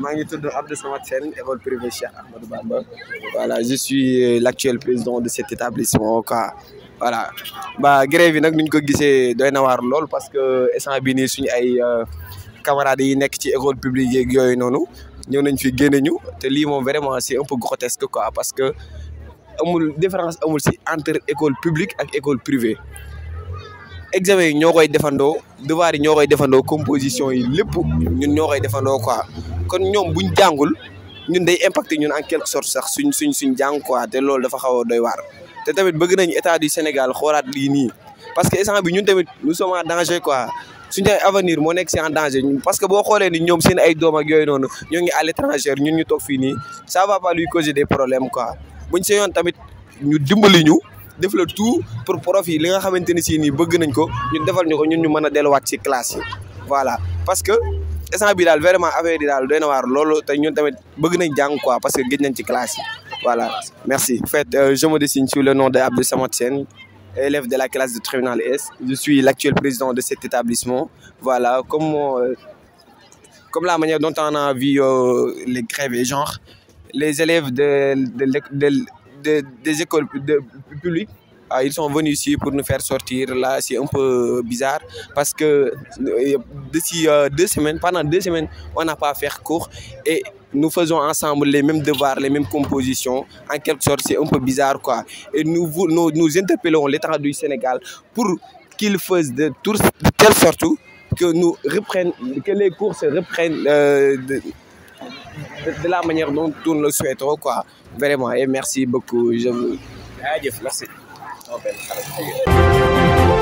maa ngi tudd Abdou Samad Sène école privée Cheikh Ahmadou Bamba voilà je suis euh, l'actuel président de cet établissement quoi voilà ba grève yi nag nuñ ko gisee doy na waar lool parce que instant bi nii suñu ay euh, camarades yi nekk ci école publique yeeg yooyu noonu ñëw nañ fi génne ñu te lii moom vraiment c'est un peu grotesque quoi parce que amul différence amul si entre école publique ak école privée examen yi ñoo koy defandoo devoir yi ñoo koy defandoo composition yi lépp ñun ñoo koy defandoo quoi kon ñoom buñ jàngul ñun day impacté ñun en quelque sorte sax suñ suñ suñ jàng quoi te loolu dafa xaw a doy waar te tamit bëgg nañ état du Sénégal xoolaat lii nii parce que instant bi ñun tamit nous sommes a danger quoi suñ ay avenir moo nekk si en danger parce que boo xoolee ni ñoom seen ay doom ak yooyu noonu ñoo ngi à l'étranger ñun ñu toog fii nii ça va pas lui causer des problème quoi buñ see yoon tamit ñu dimbali ñu def la tout pour prof li nga xamante ni si nii bëgg nañ ko ñun defal ñu ko ñun ñu mën a delluwaat ci classe yi voilà instant bi daal vraiment affaire yi daal doy na waar loolu te ñun tamit bëgg nañ jàng quoi parce que géej nañ ci classe yi voilà merci en fait euh, je me désigne sous le nom de Abdou Samad Sène élève de la classe de terminale S je suis l'actuel président de cet établissement voilà comme euh, comme la manière dont on a vu euh, les grèves et genre les élèves de de de, de, de des écoles de publiques Ah, ils sont venus ici pour nous faire sortir. Là, c'est un peu bizarre parce que euh, d'ici euh, deux semaines, pendant des semaines, on n'a pas à faire cours et nous faisons ensemble les mêmes devoirs, les mêmes compositions. En quelque sorte, c'est un peu bizarre quoi. Et nous, nous, nous interpellons l'État du Sénégal pour qu'il fasse de, tout, de telle sorte que nous reprennent, que les cours se euh, de, la manière dont nous le souhaitons quoi. Vraiment, et merci beaucoup. Je vous... sama benn xarit jigéen